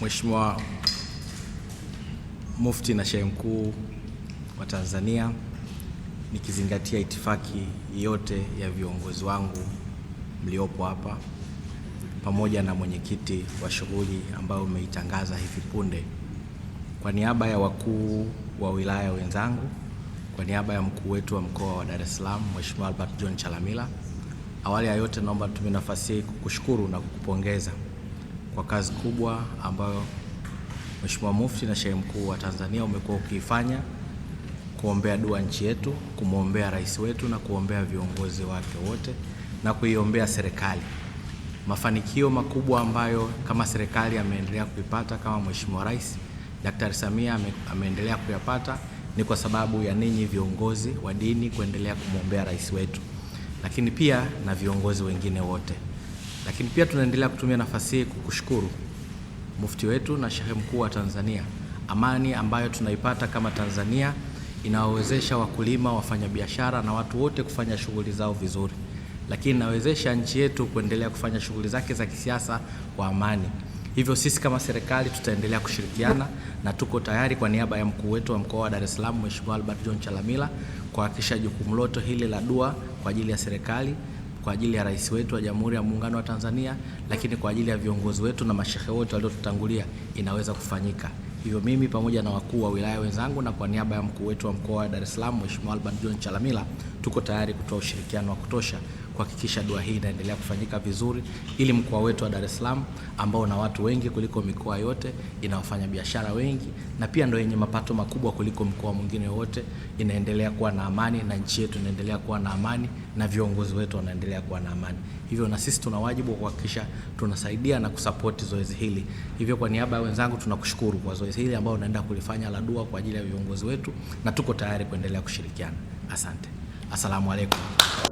Mheshimiwa Mufti na Shehe Mkuu wa Tanzania, nikizingatia itifaki yote ya viongozi wangu mliopo hapa pamoja na mwenyekiti wa shughuli ambayo umeitangaza hivi punde, kwa niaba ya wakuu wa wilaya wenzangu, kwa niaba ya mkuu wetu wa mkoa wa Dar es Salaam Mheshimiwa Albert John Chalamila, awali ya yote naomba nitumie nafasi hii kukushukuru na kukupongeza kwa kazi kubwa ambayo Mheshimiwa Mufti na Shehe Mkuu wa Tanzania umekuwa ukiifanya kuombea dua nchi yetu, kumwombea rais wetu na kuombea viongozi wake wote na kuiombea serikali. Mafanikio makubwa ambayo kama serikali ameendelea kuipata kama Mheshimiwa Rais Daktari Samia ameendelea kuyapata ni kwa sababu ya ninyi viongozi wa dini kuendelea kumwombea rais wetu, lakini pia na viongozi wengine wote. Lakini pia tunaendelea kutumia nafasi hii kukushukuru mufti wetu na shehe mkuu wa Tanzania. Amani ambayo tunaipata kama Tanzania inawawezesha wakulima, wafanyabiashara na watu wote kufanya shughuli zao vizuri, lakini inawezesha nchi yetu kuendelea kufanya shughuli zake za kisiasa kwa amani. Hivyo sisi kama serikali tutaendelea kushirikiana na tuko tayari kwa niaba ya mkuu wetu wa mkoa wa Dar es Salaam Mheshimiwa Albert John Chalamila kuhakikisha jukumu lote hili la dua kwa ajili ya serikali kwa ajili ya rais wetu wa Jamhuri ya Muungano wa Tanzania, lakini kwa ajili ya viongozi wetu na mashehe wote waliotutangulia inaweza kufanyika. Hivyo mimi pamoja na wakuu wa wilaya wenzangu na kwa niaba ya mkuu wetu wa mkoa wa Dar es Salaam Mheshimiwa Albert John Chalamila tuko tayari kutoa ushirikiano wa kutosha kuhakikisha dua hii inaendelea kufanyika vizuri, ili mkoa wetu wa Dar es Salaam ambao na watu wengi kuliko mikoa yote, ina wafanyabiashara wengi na pia ndio yenye mapato makubwa kuliko mkoa mwingine wote, inaendelea kuwa na amani na nchi yetu inaendelea kuwa na amani na viongozi wetu wanaendelea kuwa na amani. Hivyo na sisi tuna wajibu wa kuhakikisha tunasaidia na kusapoti zoezi hili. Hivyo kwa niaba ya wenzangu tunakushukuru kwa zoezi hili ambao unaenda kulifanya la dua kwa ajili ya viongozi wetu, na tuko tayari kuendelea kushirikiana. Asante. Asalamu alaikum.